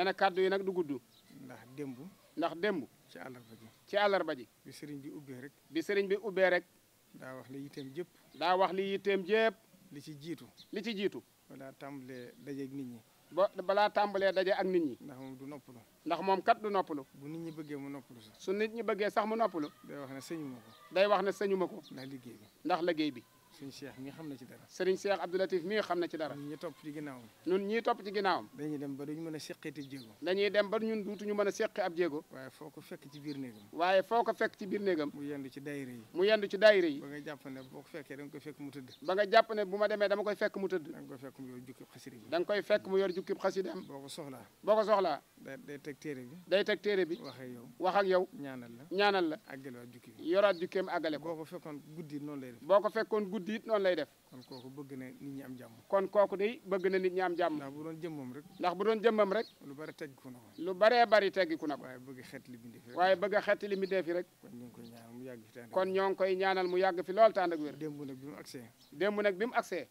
nee na kàddu yi nag du gudd. ndax démb. ndax démb. ci àllarba ji. ci àllarba ji. bi sëriñ bi ubbee rek. bi sëriñ bi ubbee rek. daa wax li yitteem jëpp. daa wax li yitteem jëpp. li ci jiitu. li ci jiitu. balaa tàmbalee daje ak nit ñi. ba balaa tàmbalee daje ak nit ñi. ndax moom du noppalu. ndax moom kat du noppalu. bu nit ñi bëggee mu noppalu sax. su nit ñi bëggee sax mu noppalu. day wax ne sëñu ma ko. day wax ne sëñu ma ko. ndax liggéey bi. ndax liggéey bi. sëriñ Cheikh mi xam na ci dara. sëriñ Cheikh Abdou Latif mi xam na ci dara. ñun ñii topp ci ginnaawam. ñun ñii topp ci ginnaawam. dañuy dem ba duñ mën a seqeeti jéego. dañuy dem ba ñun duutuñu mën a seqi ab jéego. waaye foo ko fekk ci biir néegam. waaye foo ko fekk ci biir néegam. mu yendu ci daayira yi. mu yendu ci daayira yi. ba nga jàpp ne boo ko fekkee da nga koy fekk mu tëdd. ba nga jàpp ne bu ma demee dama koy fekk mu tëdd. da nga koy fekk mu yor jukkib xasida bi. da nga koy fekk mu yor jukkib xasidam. boo ko soxlaa. boo ko soxlaa. day teg téere bi. day teg téere bi. wax ak yow wax ak yow. ñaanal la ñaanal la. àggale waat jukki bi yoraat jukkeem àggale ko. boo ko fekkoon guddi noonu lay def. boo ko fekkoon guddi tuuti noon lay def. kon kooku bëgg na nit ñi am jàmm. kon kooku day bëgg na nit ñi am jàmm. ndax bu doon jëmmam rek. ndax bu doon jëmmam rek. lu bare teggiku na ko. lu baree bari teggiku na ko. bëgg xet li bindee fi rek. waaye bëgg xet li bindee fi rek. kon ñoo ngi koy ñaanal mu yàgg fi. kon ñoo ngi koy ñaanal mu yàgg fi lool tànd ak wér. démb nag bi mu agsee. démb nag bi mu agsee.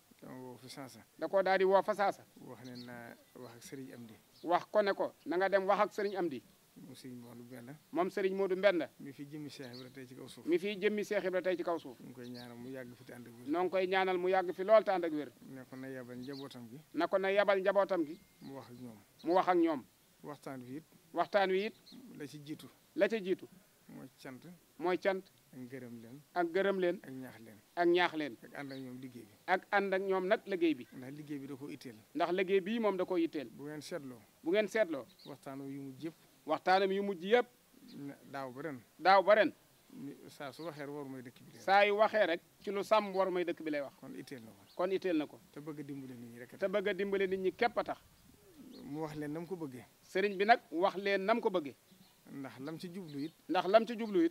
fa saasa. koo daal di woo fa saasa. wax ne na wax ak am di wax ko ne ko na nga dem wax ak am di mu moom Serigne Modou Mbenda. moom Serigne Modou Mbenda. mi fi jëmmi Cheikh Ibra tey ci kaw suuf. mi fi jëmmi Cheikh Ibra tey ci kaw suuf. noo ngi koy ñaanal mu yàgg fi te ànd ak wér. noo koy ñaanal mu yàgg fi lool te ànd ak wér. na ko na yabal njabootam gi. na ko na yabal gi. mu wax ak ñoom. mu wax ak ñoom. waxtaan wi waxtaan wi la ci jiitu. la ca jiitu. mooy cant. mooy cant. ak gërëm leen ak gërëm leen ak ñaax leen ak ñaax leen ak ak ñoom liggéey bi ak ànd ak ñoom nag liggéey bi ndax liggéey bi da ko itteel ndax liggéey bii moom da ko itteel bu ngeen seetloo bu ngeen seetloo waxtaan yu mu jëpp waxtaanam yu mujj yëpp. daaw ba daaw ba ren. saa su waxee rek war dëkk saa yu waxee rek ci lu sàmm war may dëkk bi lay wax. kon itteel na ko. kon itteel na ko. te bëgg a dimbale nit ñi rek te bëgg a nit ñi képp a tax. mu wax leen nam ko bëggee. sëriñ bi nag wax leen nam ko bëggee. ndax lam ci jublu it. ndax lam ci jublu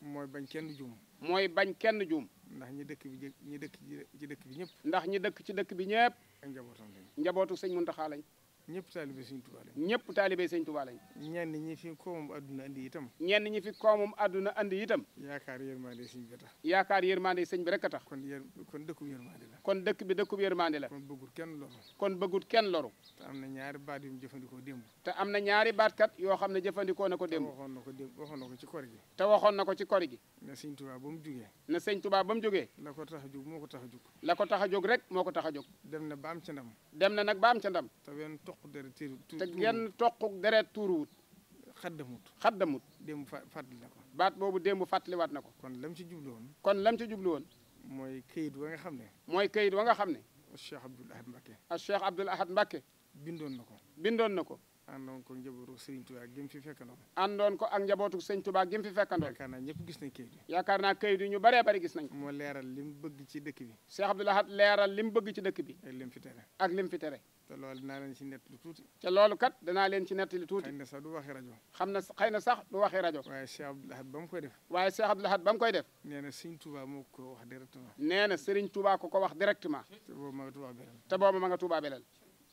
mooy bañ kenn juum. mooy bañ kenn juum. ndax ñi dëkk bi ñi dëkk dëkk bi ñëpp. ndax ñi dëkk ci dëkk bi ñëpp. njabootam lañ njabootu sëñ Muntaxa lañ ñëpp taalibe sëñ Tuubaa lañ. ñëpp taalibe sëñ Tuubaa lañ. ñenn ñi fi koomam àdduna andi itam. ñenn ñi fi koomam àdduna andi itam. yaakaar yërmande sëñ bi tax. yaakaar yërmande sëñ bi rek a tax. kon yër kon dëkkub yërmande la. kon dëkk bi dëkkub yërmande la. kon bëggut kenn loru. kon bëggut kenn loru. te am na ñaari baat yu mu jëfandikoo démb. te am na ñaari baat kat yoo xam ne jëfandikoo na ko démb. te waxoon na ko démb waxoon na ko ci kor gi. te waxoon na ko ci kor gi. na sëñ Tuubaa ba mu jógee. na sëñ Tuubaa ba mu jógee. la ko tax a jóg moo ko tax a jóg. la ko tax a jóg rek moo ko tax a jóg. dem na ba am ca ndam. dem na nag ba am ca ndam. te wenn toq toq deret tuuru te genn toq deret tuuruwut. xaddamut xaddamut. démb fa fàttali na ko. baat boobu démb fàttaliwaat na ko. kon lam ci jublu woon. kon lam ci jublu woon. mooy kayit wa nga xam ne. mooy kayit wa nga xam ne. Cheikh Abdoul Ahad Mbacké. ak Cheikh Abdoul Ahad Mbacké. bindoon na ko. bindoon na ko. àndoon ko njabootu Serigne Touba gim fi fekkandoo. àndoon ko ak njabootu Serigne Touba gim fi fekkandoo. yaakaar ko. bi. Cheikh Abdoul Ahad leeral li mu bëgg ci dëkk bi. ak lim fi tere ak fi tere. te na sax du waxi rajo. xam na xëy ba mu koy def. waaye Cheikh Abdoul Ahad ba mu ko wax directement. nee na ko ko wax directement. te boobu ma nga Touba te boobu ma nga Touba Belel.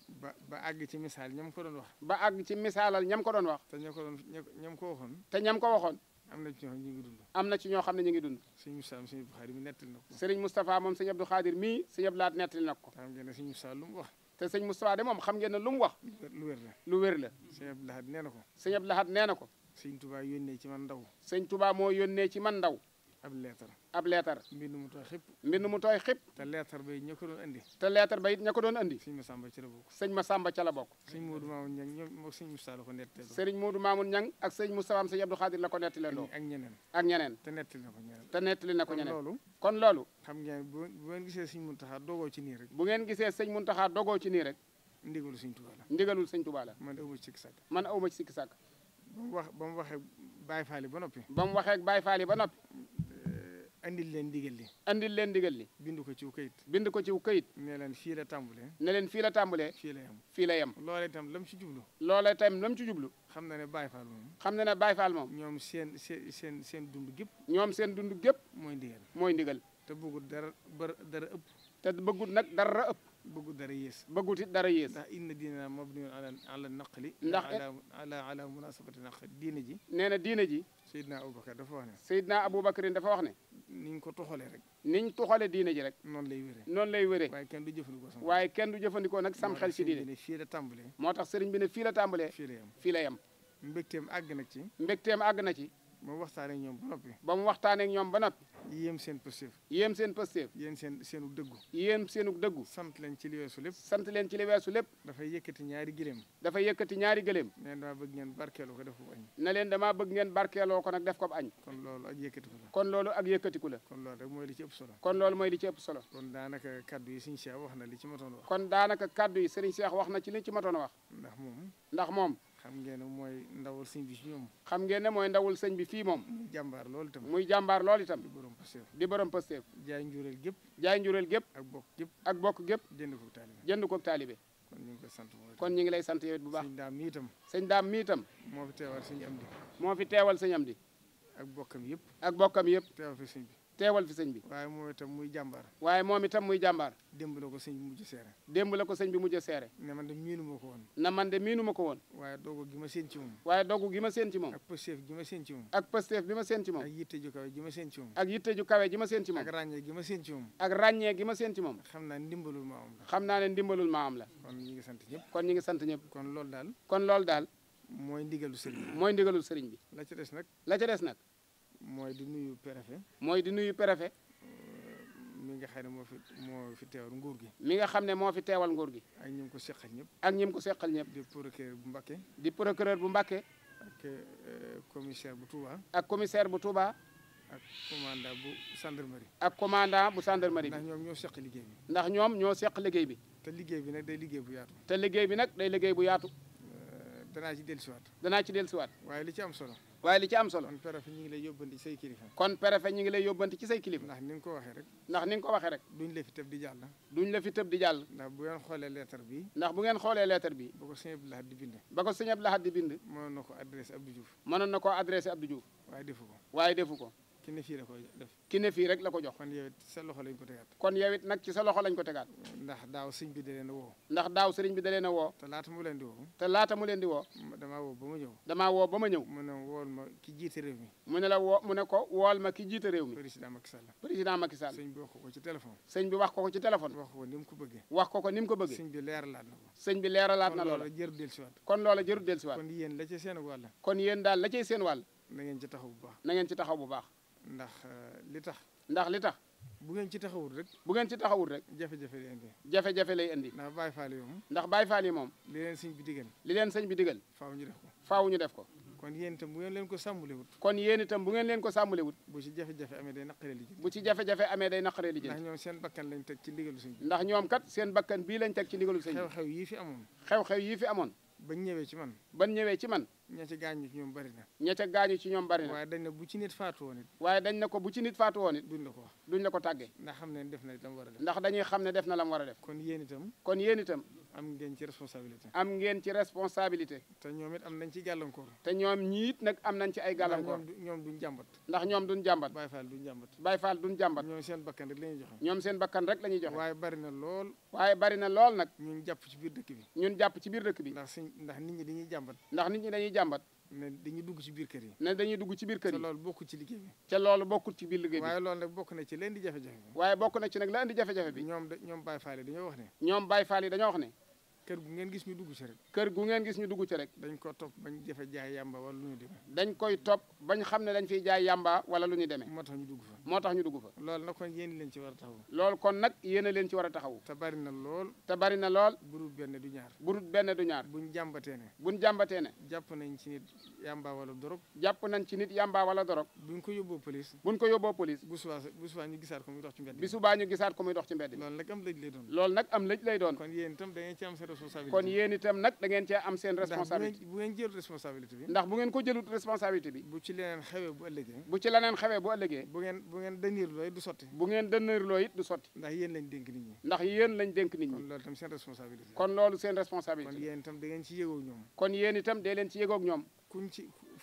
ba ba àgg ci misaal ñam ko doon wax. ba àgg ci misaalal ñam ko doon wax. te ñam ko doon ñam ko waxoon. te ñam ko waxoon. am na ci ñoo xam ne ñu ngi dund. am na ci ñoo xam ne ñu ngi dund. sëñ Moustapha moom sëñ Abdou Khadir mi nettali na ko. sëriñ Moustapha moom sëñ Abdou Khadir mii sëñ na ko. xam ngeen ne sëñ Moustapha lu mu wax. te sëñ Moustapha de moom xam ngeen ne lu mu wax. lu wér la lu wér la. sëñ nee na ko. sëñ Abdou Lahat nee na ko. sëñ Touba yónnee ci man ndaw. sëñ Touba moo yónnee ci man ndaw ab leetar ab leetar mbind mu tooy xëpp mbind tooy xëpp te leetar ba it ña doon andi te leetar ba it ña doon andi sëñ Masamba ca la bokk sëñ Masamba ca la bokk sëñ Moodu Maamun Ñang ñoom moog sëñ Ñang ak sëñ Moustapha am sëñ Abdou Khadir la ko nettali loo ak ñeneen ak ñeneen te nettali na ko ñeneen te nettali na ko ñeneen kon loolu xam ngeen bu ngeen gisee sëñ Muntaxa dogoo dogoo ci nii rek ndigalul sëñ Tuubaa ndigalul sëñ Tuubaa man awma andil leen ndigal li andil leen ndigal li bind ko ciw kayit bind ko ciw kayit ne leen fii la tàmbalee ne leen fii la tàmbalee fii la yem fii la yem loola itam lam ci jublu loola itam lam ci jublu xam na ne Baye Fall moom xam na ne Baye Fall moom ñoom seen seen seen seen dund gépp ñoom seen dund gépp mooy ndigal mooy ndigal te bëggul dara bar dara ëpp te bëggul nag dara ëpp bëggul dara yées bëggul it dara yées ndax inna diinana mabniyun ala ala naqli ndax ala ala munasabati naqli diine ji nee na diine ji Seydina Aboubacar dafa wax ne Seydina Aboubacar dafa wax ne niñ ko toxalee rek niñ toxalee diine ji rek noonu lay wéree noonu lay wéree waaye kenn du jëfandikoo sam waaye kenn du jëfandikoo nag sam xel si diine fii la tàmbalee moo tax sëriñ bi ne fii la tàmbalee fii la yem mbégteem àgg na ci mbégteem àgg na ci ba mu waxtaanee ak ñoom ba noppi. ba mu seen pëstéef. yéem seen pëstéef. yéem seen seenu dëggu. yéem seenu dëggu. sant leen ci li weesu lépp. sant leen ci li weesu lépp. dafay yëkkati ñaari gëléem. dafay yëkkati ñaari gëléem. ne leen damaa bëgg ngeen barkeeloo ko def ko añ. ne leen damaa bëgg ngeen ko nag def ko añ. kon loolu ak yëkkatiku la. kon loolu ak yëkkatiku la. kon loolu rek mooy li ci ëpp solo. kon loolu mooy li ci ëpp solo. kon daanaka kaddu yi sëriñ Cheikh wax na li ci matoon wax. kon daanaka kaddu yi sëriñ Cheikh wax na ci li ci matoon wax. ndax xam ngeen ne mooy ndawul sëñ bi ci xam ngeen ne mooy ndawul sëñ bi fii moom. muy jàmbaar lool itam. muy jàmbaar lool itam. di borom pasteef di borom pasteef. jaay njuréel gépp. jaay gépp. ak bokk gépp ak bokk gépp. jënd koog taalibe jënd koog taalibe. kon ñu ngi kon ñu ngi lay sant yow bu baax. sëñ daam mi itam. sëñ daam mi itam. moo fi teewal sëñ am di. moo fi teewal sëñ am di. ak bokkam yëpp. ak bokkam yëpp. teewal bi. teewal fi sëñ bi. waaye moom itam muy jàmbaar. waaye moom itam muy jàmbaar. démb ko sëñ bi mujj seere. démb la ko sëñ bi mujj seere. ne man de miinu ma ko woon. na man de miinu ma ko woon. waaye dogu gi ma seen ci moom. waaye dogu gi ma seen ci moom. ak pësteef gi ma seen ci moom. ak pësteef bi ma seen ci ma seen ci moom. ak yitte ju kawe gi ma seen ci moom. ak ràññee gi ma seen ci moom. ak ràññee gi ma seen ci moom. xam naa ne ndimbalul xam naa ne ndimbalul ma am la. kon ñu ngi sant ñëpp. kon ñu ngi sant ñëpp. kon loolu daal. kon loolu daal. mooy ndigalu sëriñ bi mooy ndigalu sëriñ bi. la ca des nag. la ca des nag mooy di nuyu préfet. mooy di nuyu préfet. Euh, mi nga xam ne moo fi moo fi teewal nguur gi. mi nga xam ne moo fi teewal nguur gi. ak ñi ko seqal ñëpp. ak ñi ko seqal ñëpp. di procureur bu Mbacké. di procureur bu Mbacké. ak euh, commissaire bu Touba. ak commissaire bu Touba. ak commandant bu gendarmerie. ak commandant bu gendarmerie. ndax ñoom ñoo seq liggéey bi. ndax ñoom ñoo seq liggéey bi. te liggéey bi nag day liggéey bu yaatu. te liggéey bi nag day liggéey bu yaatu. Euh, danaa ci dellusiwaat. danaa ci dellusiwaat. waaye li ci am solo. waaye li ci am solo. kon préfet ñu ngi lay yóbbanti ci say kilifa. kon préfet ñu ngi lay yóbbanti ci say kilifa. ndax ni nga ko waxee rek. ndax ni nga ko waxee rek. duñ la fi tëb di jàll. duñ la fi tëb di jàll. ndax bu ngeen xoolee lettre bi. ndax bu ngeen xoolee lettre bi. ba ko sëñ Abdou Lahad di bind. ba ko sëñ Abdou Lahad di bind. mënoon na ko adressé Abdou Diouf. mënoon na koo adressé Abdou Diouf. waaye defu ko. waaye defu ko. ki ne fii ko def ki ne fii rek la ko jox kon yow it sa loxo lañ ko tegaat kon yow it nag sa loxo lañ ko tegaat ndax daaw sëriñ bi da a woo ndax daaw sëriñ bi da a woo te laata mu leen di woo te laata mu leen di woo damaa woo ba ma ñëw woo ba ma ñëw mu ne wool ma ki jiite mi mu ne la woo mu ne ko wool ma ki jiite réew mi président Macky Sall président Macky Sall sëñ bi wax ko ko ci téléphone sëñ bi wax ko ko ci téléphone wax ko ko bëggee wax ko ko ni mu ko bëggee sëñ bi leeralaat na ko sëñ na loola jëru del si waat kon loola jëru del si waat kon yéen la ci seen wàll kon yéen daal la cay seen wàll na ci taxaw bu baax na ci taxaw bu baax ndax euh, li tax. ndax li tax. bu ngeen ci taxawul rek. bu ngeen ci taxawul rek. jafe-jafe lay indi. indi. ndax Baye Fall moom. ndax baay Fall yi moom. li leen sëñ bi digal. li leen sëñ bi digal. faaw ñu def ko. faaw ñu def ko. kon yéen tam bu ngeen leen ko sàmmalewut kon yéen itam bu ngeen leen ko sàmmalewut bu ci jafe-jafe amee day naqaree lijjanti bu ci jafe-jafe amee day li lijjanti ndax ñoom seen bakkan lañ teg ci ndigalu sëñ ndax ñoom kat seen bakkan bii lañ teg ci ndigalu sëñ bi xew-xew yii fi amoon xew-xew yii fi amoon bañ ñëwee ci man ban ñëwee ci man ña ca gaañu ci ñoom bari na. ña ca gaañu ci ñoom bari na. waaye dañ faatu woon it. ko bu ci nit la ko wax ndax xam ne def na lam war a def. ndax dañuy xam ne def na lam war a def. kon yéen itam. kon yéen itam. am ngeen ci responsabilité. am ngeen ci responsabilité. te ñoom it am nañ ci gàllankoor. te ñoom ñii nag am nañ ci ay gàllankoor. ñoom duñ jàmbat. ndax ñoom duñ jàmbat. Baay Faal duñ jàmbat. Baay Faal duñ jàmbat. ñoom seen bakkan rek la ñuy joxe. ñoom seen bakkan rek la ñuy joxe. waaye bari na lool. waaye bari na lool nag. ñun jàpp ci biir dëkk bi. ñun jàpp ci biir dëkk bi. ndax suñ ndax nit ñi dañuy jàmbat. ndax nit ñi dañuy jàmbat. ne dañuy dugg ci biir kër yi. ne dugg ci biir kër yi. te loolu bokkul ci liggéey bi. waaye loolu nag bokk na ci leen di jafe-jafe bi. waaye bokk na ci nag la indi jafe-jafe bi. ñoom ñoom Baye Fall wax ne. ñoom Baye Fall yi wax ne. kër gu ngeen gis ñu dugg ci rek. kër gu ngeen gis ñu dugg ci rek. dañ ko topp bañ jafe jaay yàmba wala lu ñu demee. dañ koy topp bañ xam ne dañ fiy wala lu ñu demee. moo dugg moo tax ñu dugg fa. loolu nag kon yéen leen ci war a taxawu. loolu kon nag yéen leen ci war a taxawu. te bari na lool. te bari na lool. burut benn du ñaar. ñaar. yóbboo police. bu subaa bu subaa ñu gisaat ko muy dox ci mbedd bu subaa ñu gisaat ko muy dox ci mbedd bi. loolu nag am lëj lay doon. loolu nag am lëj lay doon. kon yéen itam da ngeen responsabilité kon yéen itam nag da ngeen am seen responsabilité bu ndax bu ngeen ko jëlut responsabilité bi bu ci leneen xewee bu ëllëgee bu bu ngeen bu ngeen du sotti bu ngeen dëniir loo du sotti ndax yéen lañ dénk nit ñi ndax yéen lañ dénk nit ñi kon loolu seen responsabilité kon loolu seen responsabilité kon ci yëgoog ñoom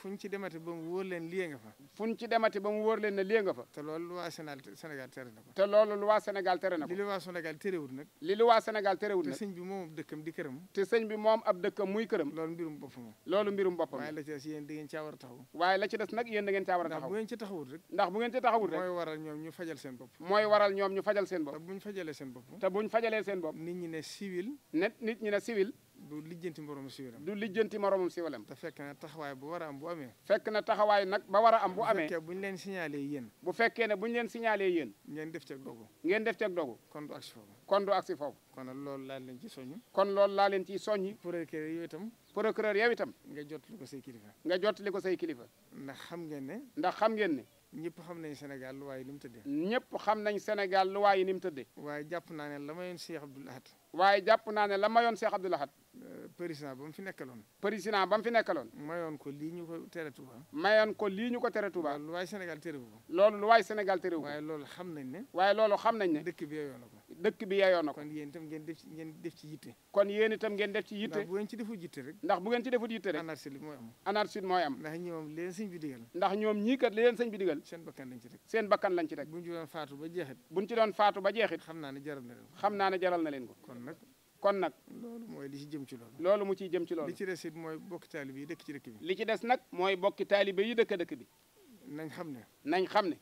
fu ñu ci demati ba mu wóor leen lii nga fa fu ñu ci demati ba mu wóor leen ne lii nga fa te loolu lu waa tere na ko te loolu lu tere na ko li lu waa Sénégal terewul nag li wa waa Sénégal terewul nag te sëñ bi moom ab dëkkam di këram te sëñ bi moom ab dëkkam muy këram loolu mbirum boppam loolu mbirum boppam waaye la des yéen da ngeen caa war a taxaw waaye la ci des nag yéen da ngeen caa war a taxaw ndax bu ngeen ci taxawut rek ndax bu ngeen ci taxawut rek mooy waral ñoom ñu fajal seen bopp mooy waral ñoom ñu seen bopp te buñ fajalee seen bopp te buñ ne civil nit ñi ne civil du lijjanti moromam siwalam du lijjanti moromam siwalam te fekk na taxawaay bu war a am bu amee fekk na taxawaay ba war am bu amee bu fekkee bu ñu leen signalé yéen bu fekkee ne bu ñu leen signalé yéen ngeen def ceeg dogu ngeen def ceeg dogu kon du agsi foofu kon du agsi foofu kon loolu laa leen ci soññ kon loolu laa leen ciy soññ procureur yow procureur yow itam nga say kilifa ndax xam ngeen ne ndax xam ngeen ne ñëpp xam nañ Sénégal lu waaye ni mu tëddee. ñëpp xam nañ Sénégal lu waaye ni mu tëddee. waaye jàpp naa ne la mayoon Cheikh Abdoul Ahad. waaye jàpp naa ne la président ba mu fi nekkaloon. président ba mu fi nekkaloon. mayoon ko lii ñu ko tere Touba. mayoon ko lii ñu ko tere Touba. loolu lu waay Sénégal terewu ko. loolu lu waay Sénégal terewu ko. waaye loolu xam nañ ne. waaye loolu xam nañ ne. dëkk bi yeyoon na ko. dëkk bi yeyoon na ko. kon yéen itam ngeen def ci ngeen def ci yitte. kon yéen itam ngeen def ci yitte. ndax bu ngeen ci defut yitte rek. ndax bu ngeen ci defut yitte rek. anarchie mooy am. anarchie mooy am. ndax ñoom li leen sëñ bi digal. ndax ñoom ñii kat li leen sëñ bi digal. seen bakkan lañ ci rek. seen bakkan lañ ci rek. buñ ci doon faatu ba jeexit. buñ ci doon faatu ba jeexit. xam naa ne jaral na leen ko. xam naa ne jaral na leen ko. kon nag kon nag loolu mooy li ci jëm ci lool loolu mu ciy jëm ci lool li ci des mooy bokki taalibe yi dëkk ci dëkk bi li ci des nag mooy bokki taalibe yi dëkk dëkk bi nañ xam ne nañ xam ne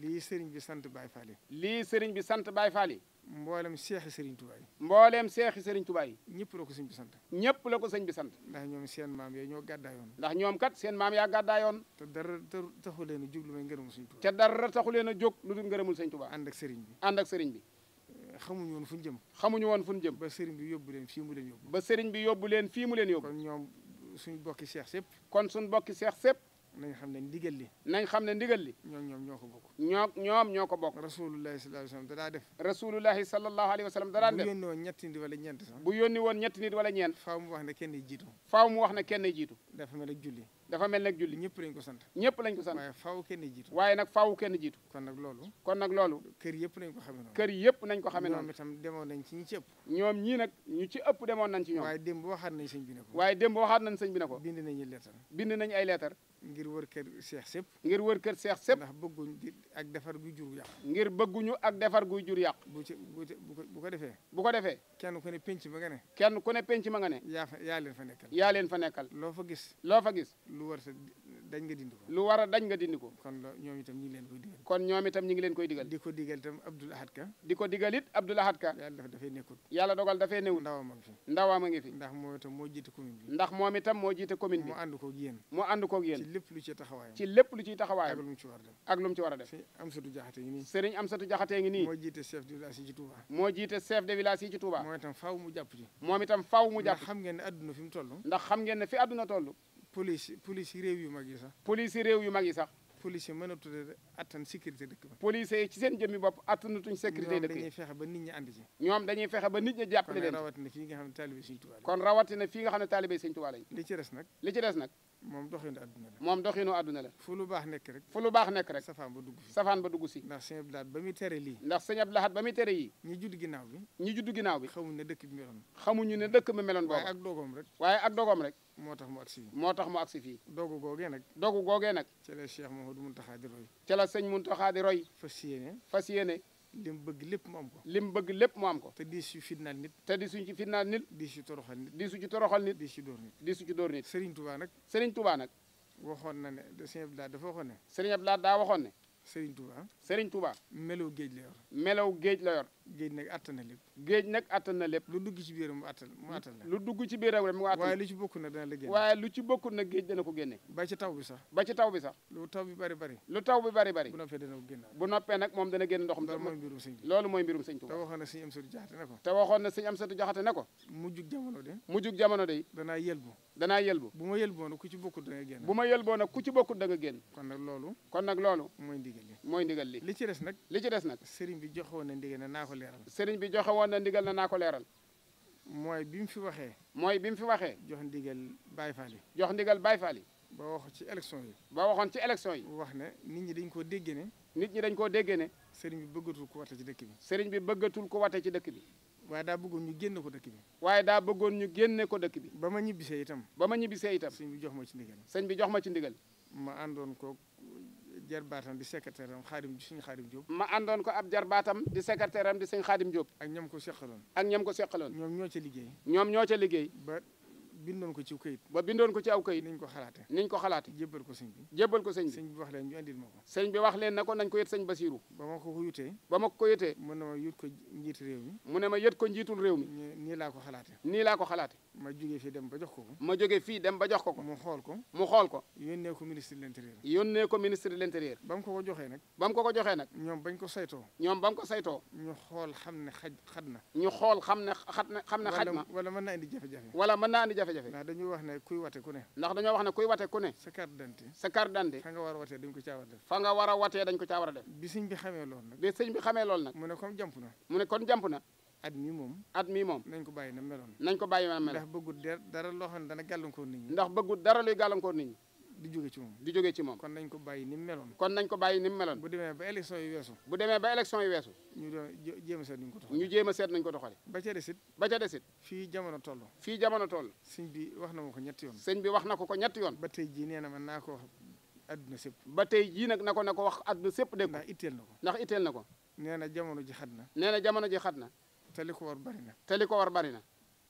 li sëriñ bi sant baay Fall yi lii sëriñ bi sant baay Fall mboolem seexi sëriñ Tuubaa yi mboolem seexi sëriñ Tuubaa ñëpp la ko sëñ bi sant ñëpp la ko sëñ bi sant ndax ñoom seen maam yaa ñoo gàddaayoon ndax ñoom kat seen maam yaa gàddaayoon te dara taxu leen a jóg lu may ngërëmul sëñ Tuubaa te taxu leen a jóg lu dul ngërëmul sëñ Tuubaa ànd ak bi ànd ak sëriñ bi xamuñu woon fu ñu jëm xamuñu woon fu ñu jëm ba sëriñ bi yóbbu leen fii mu leen yóbbu ba sëriñ bi yóbbu leen fii mu leen yóbbu kon ñoom suñ bokki seex sépp kon suñ bokki seex sépp nañ xam ne ndigal li nañ xam ne ndigal li ñoom ñoom ñoo ko bokk ñoo ñoom ñoo ko bokk rasulullahi sallallahu alayhi wa sallam dadaa def rasulullahi sallallahu alayhi wa sallam dadaa def bu yónni woon ñetti nit wala ñeent sax bu yónni woon nit wala ñeent faaw mu wax ne kenn jiitu faaw mu wax ne kenn jiitu dafa mel julli dafa mel nag julli ñëpp lañ ko sant ñëpp lañ ko sant waaye faaw kenn jiitu waaye nag faaw kenn jiitu kon nag loolu kon nag loolu kër yëpp nañ ko xame noonu kër yëpp nañ ko xame noonu ñoom itam demoon nañ ci ñi ci ëpp ñoom ñii nag ñu ci ëpp demoon nañ ci ñoom waaye démb waxaat nañ sëñ bi ne ko waaye démb waxaat nañ sëñ bi ne ko bind nañu leetar bind nañ ay leetar ngir wër kër seex sëpp ngir wër kër seex sëpp ndax bëgguñ ak defar guy jur yàq ngir bëgguñu ak defar guy jur yàq bu ci bu ko defee bu ko defee kenn ku ne penc ma nga ne kenn ku ne penc ma nga ne yaa leen fa nekkal yaa leen fa nekkal loo fa gis loo fa gis lu war dañ nga dindi ko. a kon ñoom itam koy digal. di ko digal itam Abdoul di ko digal it Abdoul Ahad Ka. dafay nekkul. yàlla dogal dafay newul. ndawam a ngi fi. a ngi fi. ndax moom itam moo jiite commune bi. ndax moom itam moo jiite commune mu a def. ak lu mu jàpp ci. moom mu jàpp ndax xam ngeen adduna fi mu toll. ndax xam ngeen fi adduna toll police police yi réew yu mag yi sax. police yi réew yu mag yi sax. police yi mënatul attan sécurité dëkk bi. police yi ci seen jëmmi bopp attanutuñ sécurité dëkk yi. ñoom dañuy fexe ba nit ñi ànd ci. ñoom dañuy fexe ba nit ñi jàppale leen kon rawatina fii nga xam ne taalibe Sëñ Tuubaa kon rawatina fii nga xam ne taalibe Sëñ Tuubaa li ci des nag. li ci des nag. moom doxinu àdduna la moom doxinu àdduna la fu lu baax nekk rek fu lu baax nekk rek safaan ba dugg si safaan ba dugg si ndax sëñ Abdou Lahad ba muy tere lii ndax sëñ Abdou Lahad ba muy tere yii ñi judd ginnaaw bi ñi judd ginnaaw bi xamuñu ne dëkk bi meloon xamuñu ne dëkk bi meloon boobu ak dogoom rek waaye ak dogoom rek moo tax mu agsi fii moo tax mu agsi fii dogu googee nag dogu googee nag ca la Cheikh Mouhamadou Mountakha di roy ca la mun Mountakha di roy fa yéene fas yéene lim bëgg lépp mu am ko lim bëgg lépp mu am ko te di su fitnaal nit te di suñ ci fitnaal nit di su toroxal nit di su ci toroxal nit di su dóor nit di su ci dóor nit Serigne Touba nag Serigne Touba nag waxoon na ne Serigne Abdoulaye dafa waxoon ne Serigne Abdoulaye daa waxoon ne Serigne Touba Serigne Touba melaw géej la yor melaw géej la yor géej nag attan na lépp. géej nag attan na lépp. lu dugg ci biiram mu attan mu attan la. lu dugg ci biiram rek mu attan. waaye lu ci bokkul nag dana la génne. waaye lu ci bokkul nag géej dana ko génne. ba ci taw bi sax. ba ci taw bi sax. lu taw bi bari bari. lu taw bi bari bari. bu noppee dana ko génne. bu noppee nag moom dana génn ndoxam. loolu mooy mbirum sëñ bi loolu mooy mbirum sëñ Tuubaa. te waxoon na sëñ Amsatu Jaxate ne ko. te waxoon na sëñ Amsatu Jaxate ne ko. mujjug jamono de. mujjug jamono de. danaa yelbu. danaa yelbu bu ma yelboo nag ku ci bokkul da nga génn. bu ma yelboo nag ku ci bokkul da nga génn. kon nag loolu. kon nag loolu. mooy ndigal mooy ndigal li li ci des nag li ci des nag sëriñ bi joxewoon na ndigal na naa ko leeral sëriñ bi joxewoon na ndigal na naa ko leeral mooy bi mu fi waxee mooy bi mu fi waxee jox ndigal Baye Fall yi jox ndigal Baye Fall yi ba wax ci élection yi ba waxoon ci élection yi wax ne nit ñi dañ koo dégg ne nit ñi dañ koo dégg ne sëriñ bi bëggatul ko wate ci dëkk bi sëriñ bi bëggatul ko wate ci dëkk bi waaye daa bëggoon ñu génne ko dëkk bi waaye daa bëggoon ñu génne ko dëkk bi ba ma ñibbisee itam ba ma ñibbisee itam sëñ bi jox ma ci ndigal sëñ bi jox ma ci ndigal ma àndoon ko jarbaatam di secrétaire am xaadim suñu xaadim ma àndoon ko ab jarbaatam di secrétaire di suñu xaadim Diop. ak ñam ko seqaloon. ak ñam ko seqaloon. ñoom ñoom ñoo liggéey. bindoon ko ci ko aw kayit niñ ko xalaate niñ ko xalaate jébbal ko sëñ bi jébbal ko sëñ bi wax leen ñu indil ko sëñ bi wax leen na ko nañ ko yët sëñ Basiru ba ma ko wuyutee ba ma ko yëtee mu ne ma yët ko réew mi ne ma yët ko njiitul réew mi nii laa ko xalaate nii laa ko xalaate ma jógee fi dem ba jox ko ko ma jógee fii dem ba jox ko ko mu xool ko mu xool ko yónnee ko ministre de l'intérieur yónnee ko ministre de l'intérieur ba mu ko ko joxee nag ba mu ko ko joxee nag ñoom bañ ko saytoo ñoom ba mu ko saytoo ñu xool xam ne xaj xat na ñu xool xam ne xat na xam ne xaj wala mën naa indi jafe-jafe jafe-jafe ndax dañuy wax ne kuy wate ku ne ndax dañoo wax ne kuy wate ku ne sa carte d'identité war a watee dañ ko caa a def fa war a watee dañ ko caa a def bi sëñ bi xamee loolu nag bi sëñ bi xamee loolu nag mu ne kon jàmp na mu ne kon jàmp na at mi moom at mi moom nañ ko bàyyi na meloon nañ ko bàyyi na meloon ndax bëggut dara loo xam ne dana gàllankoor nit ñi ndax bëggut dara luy gàllankoor nit ñi di jóge ci moom di jóge ci moom kon nañ ko bàyyi ni mu meloon kon nañ ko bàyyi ni mu meloon bu demee ba élection yi weesu bu demee ba élection yi weesu ñu jéem a seet nañ ko doxale ñu jéem a seet nañ ko doxale ba ca desit ba ca desit fii jamono toll fii jamono toll sëñ bi wax na ma ko ñetti yoon sëñ bi wax na ko ko ñetti yoon ba tey jii nee na man naa ko wax adduna ba tey jii nag na ko na ko wax adduna sépp dégg ndax itteel na ko ndax iteel na ko nee na jamono ji xat na nee na jamono ji xat na te li ko war bari te li ko war bari na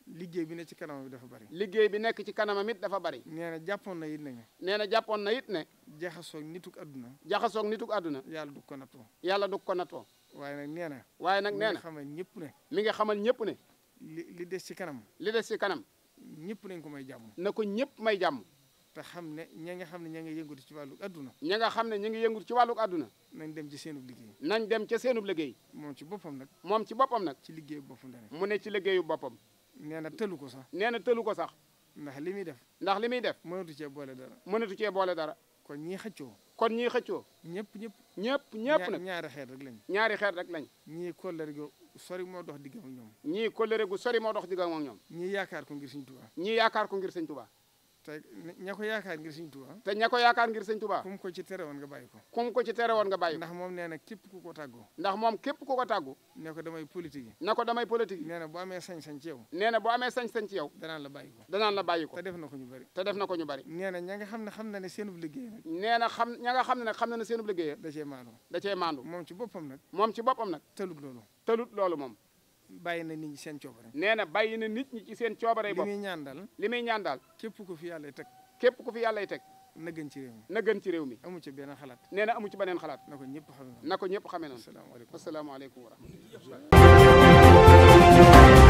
liggéey bi nekk ci kanamam dafa bari. liggéey bi nekk ci kanamam it dafa bari. nee jàppoon na yit ne. nee na jàppoon na it ne. jaxasoog nituk àdduna. jaxasoog nituk àdduna. yàlla du ko natoo. yàlla du ko natoo. waaye nag nee waaye nag nee na ñëpp ne. mi nga xamal ñëpp ne. li li des ci kanam. li des ci kanam. ñëpp nañ ko may jàmm. na ko ñëpp may jàmm. te xam ne ña nga xam ne ña ngi yëngatu ci wàllu àdduna. ña nga xam ne ña ngi yëngatu ci wàllu àdduna. nañ dem ci seenub liggéey. nañ dem ca liggéey. moom ci boppam nag. moom ci boppam nag. ci liggéeyu boppam la mu ne ci liggéeyu boppam. nee na tëlu ko sax. nee na tëlu ko sax. ndax li muy def. ndax li muy def. mënatu cee boole dara. mënatu cee boole dara. kon ñii xëccoo. kon ñii xëccoo. ñëpp ñëpp. ñëpp ñëpp nag ñaari xeer rek lañ. ñaari xeet rek lañ. ñii kóllëre gu sori moo dox diggam ak ñoom. ñii kóllëre gu sori moo dox diggam ak ñoom. ñii yaakaar ko ngir Sëñ Tuubaa. ñii yaakaar ko ngir Sëñ Tuubaa. te ña ko yaakaar ngir sëñ Tuubaa te ko yaakaar ngir sëñ Tuubaa kum ko ci tere woon nga bàyyi ko kum ko ci tere woon nga bàyyi ndax moom nee na képp ku ko tàggu ndax moom képp ku ko tàggu ne ko damay politique yi ne ko damay politique yi nee na bu amee sañ-sañ ci yow na bu amee sañ-sañ ci yow danaan la bàyyi la bàyyi ko te def ñu bari te def na ko ñu bari nee na xam ne xam na ne seenub liggéey nag nee na xam ña nga xam ne nag xam na ne seenub liggéey da cee maandu da cee maandu moom ci boppam nag moom ci boppam nag tëlut loolu tëlut loolu moom bàyyi na nit ñi seen coobare. nee na bàyyi na nit ñi ci seen coobare bopp li muy ñaan daal li muy ñaan daal. képp ko fi yàlla teg. képp ku fi yàlla teg. na gën ci réew mi na gën ci réew mi. amu ci beneen xalaat. nee na amu ci beneen xalaat. na ko ñëpp xamee noonu na ko ñëpp xamee noonu. asalaamaaleykum asalaamaaleykum wa rahmatulah.